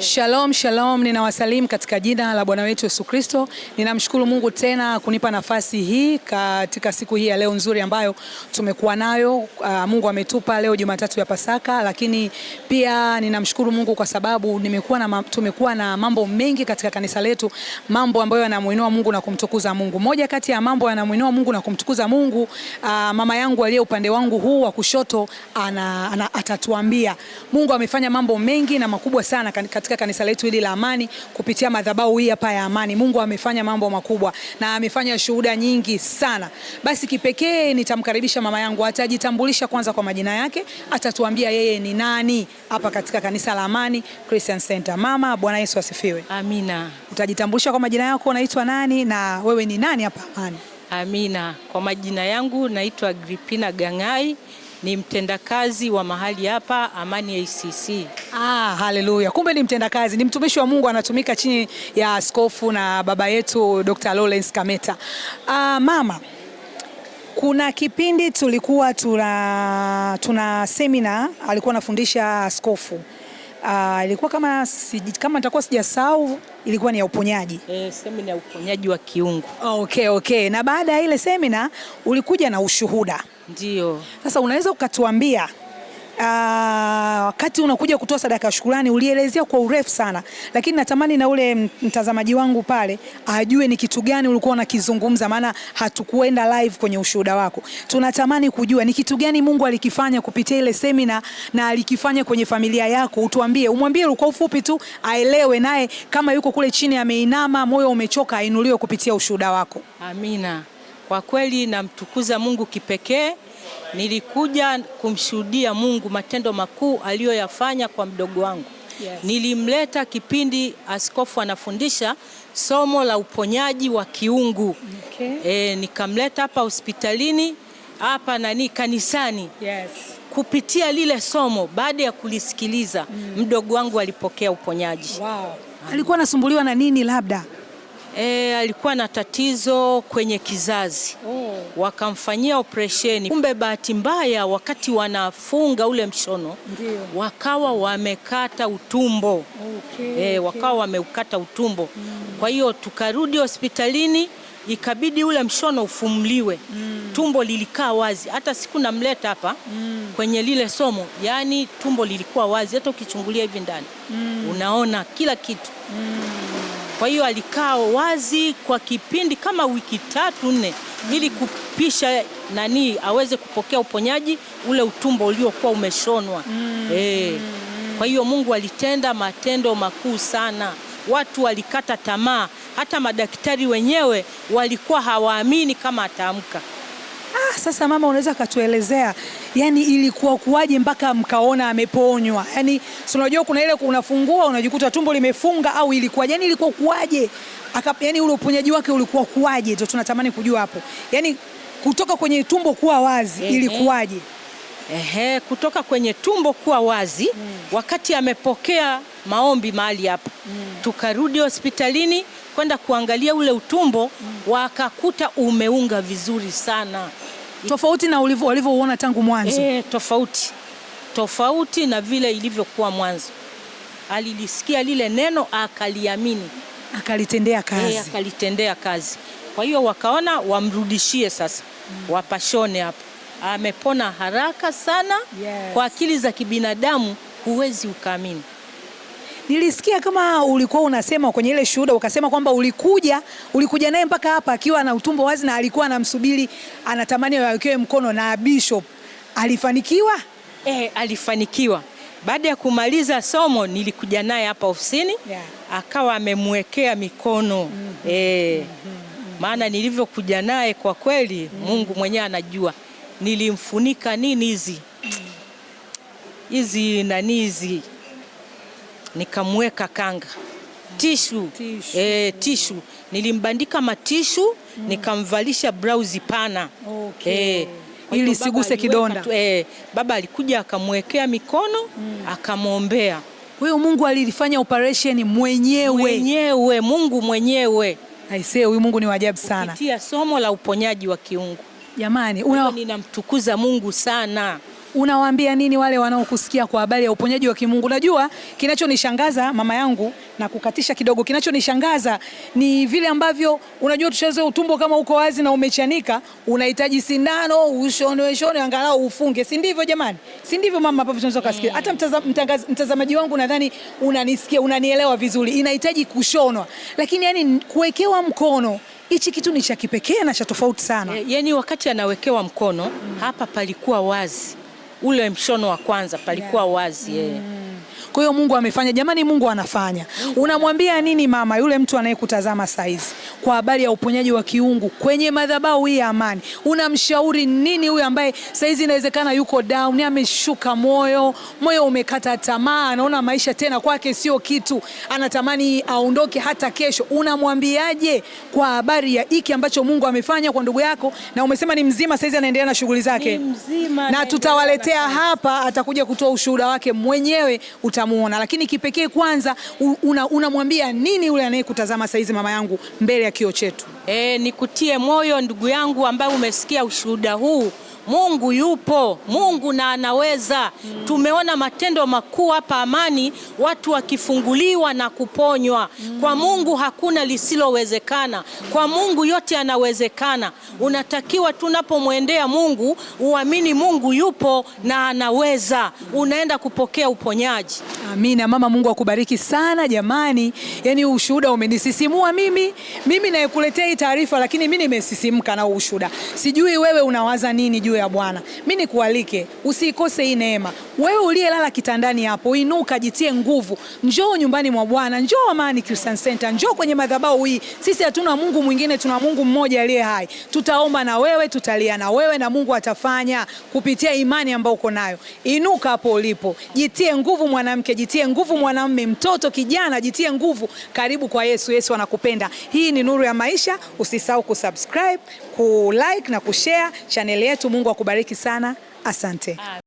Shalom, shalom, ninawasalimu katika jina la Bwana wetu Yesu Kristo. Ninamshukuru Mungu tena kunipa nafasi hii katika siku hii ya leo nzuri ambayo tumekuwa nayo. Ah, Mungu ametupa leo Jumatatu ya Pasaka, lakini pia ninamshukuru Mungu kwa sababu nimekuwa na tumekuwa na mambo mengi katika kanisa letu, mambo ambayo yanamuinua Mungu na kumtukuza Mungu. Moja kati ya mambo yanamuinua Mungu na kumtukuza Mungu, ah, mama yangu aliye upande wangu huu wa kushoto ana, ana, atatuambia Mungu amefanya mambo mengi na makubwa sana katika katika kanisa letu hili la Amani kupitia madhabahu hii hapa ya Amani. Mungu amefanya mambo makubwa na amefanya shuhuda nyingi sana. Basi kipekee nitamkaribisha mama yangu, atajitambulisha kwanza kwa majina yake, atatuambia yeye ni nani hapa katika kanisa la Amani Christian Center. Mama, Bwana Yesu asifiwe. Amina. Utajitambulisha kwa majina yako, unaitwa nani na wewe ni nani hapa Amani? Amina. Kwa majina yangu naitwa Gripina Gangai ni mtendakazi wa mahali hapa Amani ACC. Ah, haleluya! Kumbe ni mtendakazi, ni mtumishi wa Mungu anatumika chini ya askofu na baba yetu Dr. Lawrence Kameta. Ah, mama kuna kipindi tulikuwa tuna, tuna semina alikuwa anafundisha askofu Uh, ilikuwa kama kama nitakuwa sijasahau, ilikuwa ni ya uponyaji eh, semina ya uponyaji wa kiungu. Okay, okay. Na baada ya ile semina ulikuja na ushuhuda ndio. Sasa unaweza ukatuambia ah, wakati unakuja kutoa sadaka ya shukrani ulielezea kwa urefu sana, lakini natamani na ule mtazamaji wangu pale ajue ni kitu gani ulikuwa unakizungumza, maana hatukuenda live kwenye ushuhuda wako. Tunatamani kujua ni kitu gani Mungu alikifanya kupitia ile semina na alikifanya kwenye familia yako. Utuambie, umwambie kwa ufupi tu aelewe, naye kama yuko kule chini ameinama, moyo umechoka, ainuliwe kupitia ushuhuda wako. Amina. Kwa kweli namtukuza Mungu kipekee. Nilikuja kumshuhudia Mungu matendo makuu aliyoyafanya kwa mdogo wangu. Yes. Nilimleta kipindi askofu anafundisha somo la uponyaji wa kiungu. Okay. E, nikamleta hapa hospitalini hapa nani kanisani. Yes. Kupitia lile somo baada ya kulisikiliza mm. mdogo wangu alipokea uponyaji. Wow. Alikuwa anasumbuliwa na nini labda? e, alikuwa na tatizo kwenye kizazi oh. Wakamfanyia operesheni, kumbe bahati mbaya wakati wanafunga ule mshono Ndiyo. wakawa wamekata utumbo okay, e, wakawa okay. wameukata utumbo mm. Kwa hiyo tukarudi hospitalini ikabidi ule mshono ufumliwe mm. Tumbo lilikaa wazi, hata siku namleta hapa mm. kwenye lile somo, yaani tumbo lilikuwa wazi, hata ukichungulia hivi ndani mm. unaona kila kitu mm. Kwa hiyo alikaa wazi kwa kipindi kama wiki tatu nne, ili kupisha nani aweze kupokea uponyaji ule utumbo uliokuwa umeshonwa mm. E, kwa hiyo Mungu alitenda matendo makuu sana, watu walikata tamaa, hata madaktari wenyewe walikuwa hawaamini kama ataamka. Sasa mama, unaweza katuelezea, yani ilikuwa kuwaje mpaka mkaona ameponywa? Yani unajua kuna ile unafungua unajikuta tumbo limefunga au ilikuwa yani, ilikuwa kuwaje aka, yani ule uponyaji wake ulikuwa kuwaje? Ndio tunatamani kujua hapo, yani kutoka kwenye tumbo kuwa wazi mhm. ilikuwaje? Ehe, kutoka kwenye tumbo kuwa wazi mm. Wakati amepokea maombi mahali hapo mm. Tukarudi hospitalini kwenda kuangalia ule utumbo mm. Wakakuta umeunga vizuri sana tofauti na walivyouona tangu mwanzo e, tofauti tofauti na vile ilivyokuwa mwanzo. Alilisikia lile neno akaliamini, akalitendea eh, kazi e, akalitendea kazi. Kwa hiyo wakaona wamrudishie sasa, mm. wapashone hapo. Amepona haraka sana yes. Kwa akili za kibinadamu huwezi ukaamini. Nilisikia kama ulikuwa unasema kwenye ile shuhuda ukasema kwamba ulikuja ulikuja naye mpaka hapa akiwa na utumbo wazi na alikuwa anamsubiri anatamani awekewe mkono na Bishop. Alifanikiwa? Eh, alifanikiwa. Baada ya kumaliza somo nilikuja naye hapa ofisini yeah. Akawa amemwekea mikono mm -hmm. Eh, mm -hmm. Maana nilivyokuja naye kwa kweli mm -hmm. Mungu mwenyewe anajua nilimfunika nini hizi mm. hizi mm -hmm. nani nikamweka kanga tishu tishu, e, tishu. Nilimbandika matishu mm. Nikamvalisha blauzi pana okay. E, ili siguse kidonda e, baba alikuja akamwekea mikono mm. Akamwombea. Kwa hiyo Mungu alifanya operation mwenyewe mwenyewe, Mungu mwenyewe. Aisee, huyu Mungu ni wajabu sana. Kupitia somo la uponyaji wa kiungu, jamani, una... ninamtukuza Mungu sana unawaambia nini wale wanaokusikia kwa habari ya uponyaji wa kimungu? Najua kinachonishangaza mama yangu, na kukatisha kidogo, kinachonishangaza ni vile ambavyo unajua tushazoea utumbo kama uko wazi na umechanika, unahitaji sindano ushonwe shonwe angalau ufunge, si ndivyo jamani? Si ndivyo mama, hapo tunaweza kusikia. Hata mtazamaji wangu nadhani unanisikia, unanielewa vizuri. Inahitaji kushonwa, lakini yani kuwekewa mkono hichi kitu ni cha kipekee na cha tofauti sana. E, yani wakati anawekewa mkono mm, hapa palikuwa wazi ule mshono wa kwanza palikuwa wazi yeah. yeah. Mm. Kwa hiyo Mungu amefanya, jamani, Mungu anafanya. Unamwambia nini mama yule mtu anayekutazama saizi kwa habari ya uponyaji wa kiungu kwenye madhabahu hii ya amani? Unamshauri nini huyu ambaye saizi inawezekana yuko down, ameshuka moyo, moyo umekata tamaa, anaona maisha tena kwake sio kitu, anatamani aondoke hata kesho. Unamwambiaje kwa habari ya hiki ambacho Mungu amefanya kwa ndugu yako, na umesema ni mzima saizi, anaendelea na shughuli zake, na tutawaletea hapa, atakuja kutoa ushuhuda wake mwenyewe uta utamuona, lakini kipekee kwanza unamwambia una nini yule anayekutazama saizi, mama yangu, mbele ya kioo chetu? E, nikutie moyo ndugu yangu ambaye umesikia ushuhuda huu Mungu yupo, Mungu na anaweza. Mm. Tumeona matendo makuu hapa Amani, watu wakifunguliwa na kuponywa. Mm. Kwa Mungu hakuna lisilowezekana, kwa Mungu yote yanawezekana. Unatakiwa tunapomwendea Mungu uamini Mungu yupo na anaweza, unaenda kupokea uponyaji. Amina mama, Mungu akubariki sana jamani. Yaani ushuhuda umenisisimua mimi, mimi nayekuletea hii taarifa, lakini mimi nimesisimka na ushuhuda. Sijui wewe unawaza nini juu ya Bwana. Mimi nikualike usikose hii neema. Wewe uliyelala kitandani hapo, inuka, jitie nguvu, njoo nyumbani mwa Bwana, njoo Amani Christian Center, njoo kwenye madhabahu hii. Sisi hatuna Mungu mwingine, tuna Mungu mmoja aliye hai. Tutaomba na wewe, tutalia na wewe, na Mungu atafanya kupitia imani ambayo uko nayo. Inuka hapo ulipo, jitie nguvu mwanamke jitie nguvu mwanamume, mtoto, kijana, jitie nguvu. Karibu kwa Yesu, Yesu anakupenda. Hii ni Nuru ya Maisha. Usisahau kusubscribe, kulike na kushare chaneli yetu. Mungu akubariki sana, asante.